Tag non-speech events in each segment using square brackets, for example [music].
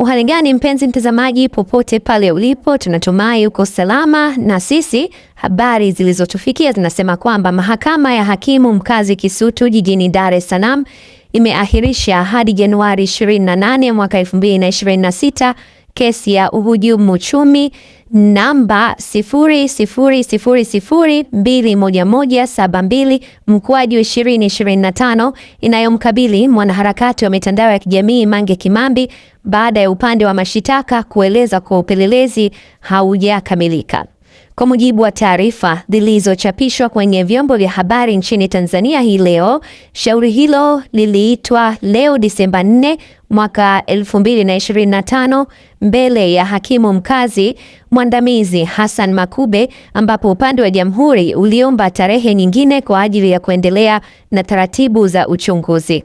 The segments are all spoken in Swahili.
Uhali gani mpenzi mtazamaji, popote pale ulipo, tunatumai uko salama. Na sisi habari zilizotufikia zinasema kwamba mahakama ya hakimu mkazi Kisutu jijini Dar es Salaam imeahirisha hadi Januari 28 mwaka 2026 kesi ya uhujumu uchumi namba 000021172 mkwaju 2025 inayomkabili mwanaharakati wa mitandao ya kijamii Mange Kimambi baada ya upande wa mashitaka kueleza kwa upelelezi haujakamilika. Kwa mujibu wa taarifa zilizochapishwa kwenye vyombo vya habari nchini Tanzania hii leo, shauri hilo liliitwa leo Disemba 4 mwaka 2025 mbele ya hakimu mkazi mwandamizi Hassan Makube, ambapo upande wa jamhuri uliomba tarehe nyingine kwa ajili ya kuendelea na taratibu za uchunguzi.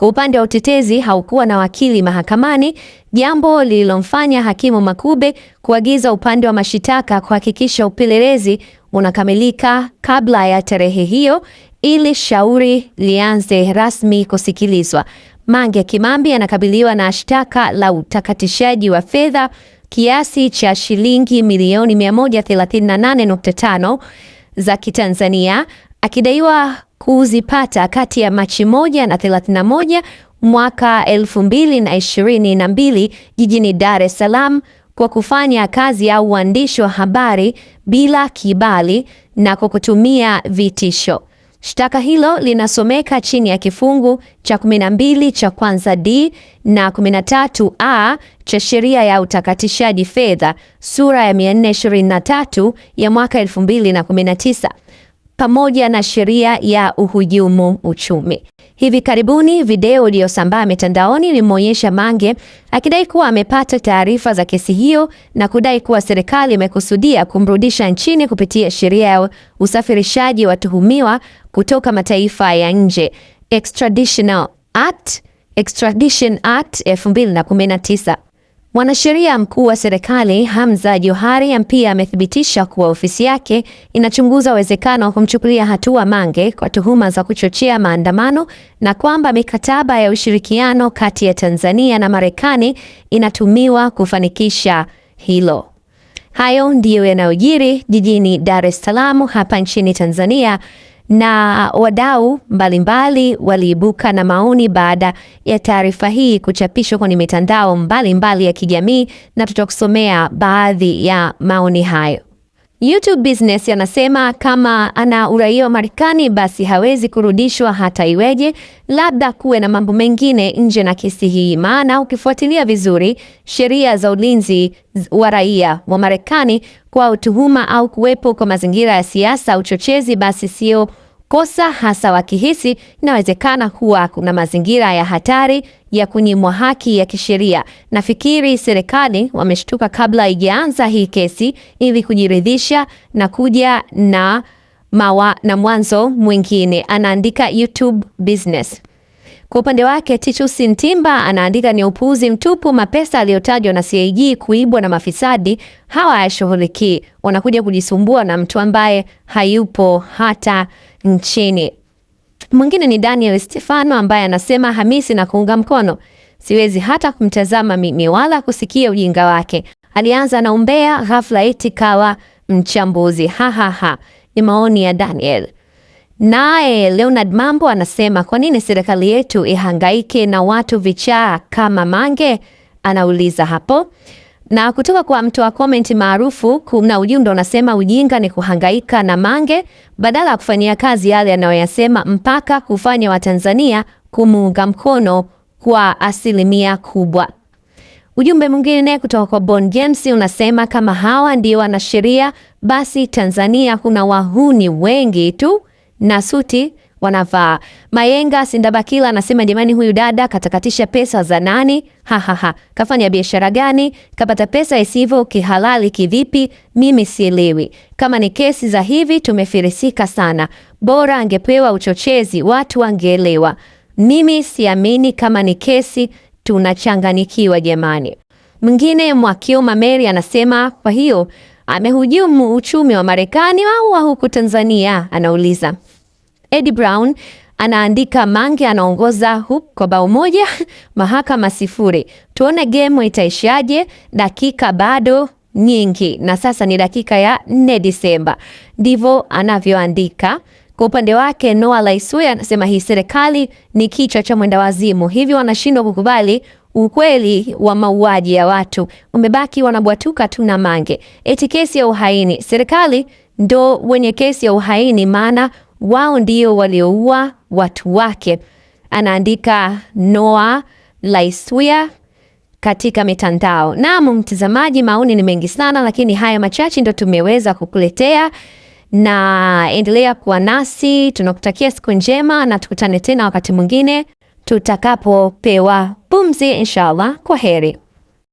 Kwa upande wa utetezi, haukuwa na wakili mahakamani, jambo lililomfanya hakimu Makube kuagiza upande wa mashitaka kuhakikisha upelelezi unakamilika kabla ya tarehe hiyo ili shauri lianze rasmi kusikilizwa. Mange Kimambi anakabiliwa na shtaka la utakatishaji wa fedha kiasi cha shilingi milioni 138.5 za Kitanzania akidaiwa kuzipata kati ya Machi moja na 31 mwaka 2022 jijini Dar es Salaam kwa kufanya kazi ya uandishi wa habari bila kibali na kwa kutumia vitisho. Shtaka hilo linasomeka chini ya kifungu cha 12 cha kwanza D na 13 A cha sheria ya utakatishaji fedha sura ya 423 ya mwaka 2019 pamoja na sheria ya uhujumu uchumi. Hivi karibuni video iliyosambaa mitandaoni ilimuonyesha Mange akidai kuwa amepata taarifa za kesi hiyo na kudai kuwa serikali imekusudia kumrudisha nchini kupitia sheria ya usafirishaji watuhumiwa kutoka mataifa ya nje Extraditional Act, Extradition Act 2019. Mwanasheria mkuu wa serikali Hamza Johari pia amethibitisha kuwa ofisi yake inachunguza uwezekano wa kumchukulia hatua Mange kwa tuhuma za kuchochea maandamano na kwamba mikataba ya ushirikiano kati ya Tanzania na Marekani inatumiwa kufanikisha hilo. Hayo ndiyo yanayojiri jijini Dar es Salaam hapa nchini Tanzania na wadau mbalimbali waliibuka na maoni baada ya taarifa hii kuchapishwa kwenye mitandao mbalimbali mbali ya kijamii, na tutakusomea baadhi ya maoni hayo. YouTube Business anasema kama ana uraia wa Marekani basi hawezi kurudishwa hata iweje, labda kuwe na mambo mengine nje na kesi hii, maana ukifuatilia vizuri sheria za ulinzi wa raia wa Marekani kwa utuhuma au kuwepo kwa mazingira ya siasa, uchochezi, basi sio kosa hasa wakihisi inawezekana huwa kuna mazingira ya hatari ya kunyimwa haki ya kisheria. Nafikiri serikali wameshtuka kabla ijaanza hii kesi ili kujiridhisha na kuja na mawa na mwanzo mwingine, anaandika YouTube business. Kwa upande wake Titus Ntimba anaandika ni upuuzi mtupu, mapesa aliyotajwa na CAG kuibwa na mafisadi hawa hayashughulikii, wanakuja kujisumbua na mtu ambaye hayupo hata nchini. Mwingine ni Daniel Stefano ambaye anasema Hamisi na kuunga mkono, siwezi hata kumtazama mimi wala kusikia ujinga wake. Alianza na umbea, ghafla eti kawa mchambuzi. ha. ni maoni ya Daniel. Naye Leonard Mambo anasema kwa nini serikali yetu ihangaike na watu vichaa kama Mange? Anauliza hapo. Na kutoka kwa mtoa comment maarufu, kuna ujumbe unasema ujinga ni kuhangaika na Mange badala ya kufanyia kazi yale anayoyasema mpaka kufanya Watanzania kumuunga mkono kwa asilimia kubwa. Ujumbe mwingine kutoka kwa Bon James unasema kama hawa ndio wanasheria, basi Tanzania kuna wahuni wengi tu na suti wanavaa. Mayenga Sindabakila anasema jamani, huyu dada katakatisha pesa za nani? Hahaha, kafanya biashara gani? Kapata pesa isivyo kihalali kivipi? Mimi sielewi. Kama ni kesi za hivi, tumefirisika sana. Bora angepewa uchochezi, watu wangeelewa. Mimi siamini kama ni kesi, tunachanganikiwa jamani. Mwingine Mwakioma meri anasema kwa hiyo amehujumu uchumi wa Marekani au wa huku Tanzania? Anauliza. Eddie Brown anaandika Mange anaongoza huku kwa bao moja, [laughs] mahakama sifuri. Tuone game itaishaje, dakika bado nyingi, na sasa ni dakika ya 4 Disemba. Ndivyo anavyoandika. Kwa upande wake Noah Laisuya anasema hii serikali ni kichwa cha mwendawazimu, hivyo wanashindwa kukubali ukweli wa mauaji ya watu umebaki wanabwatuka tu na mange. Eti kesi ya uhaini, serikali ndo wenye kesi ya uhaini, maana wao ndio walioua watu wake, anaandika Noa Laiswia katika mitandao. Naam mtazamaji, maoni ni mengi sana, lakini haya machache ndo tumeweza kukuletea, na endelea kuwa nasi. Tunakutakia siku njema na tukutane tena wakati mwingine tutakapopewa pumzi inshallah. Kwa heri.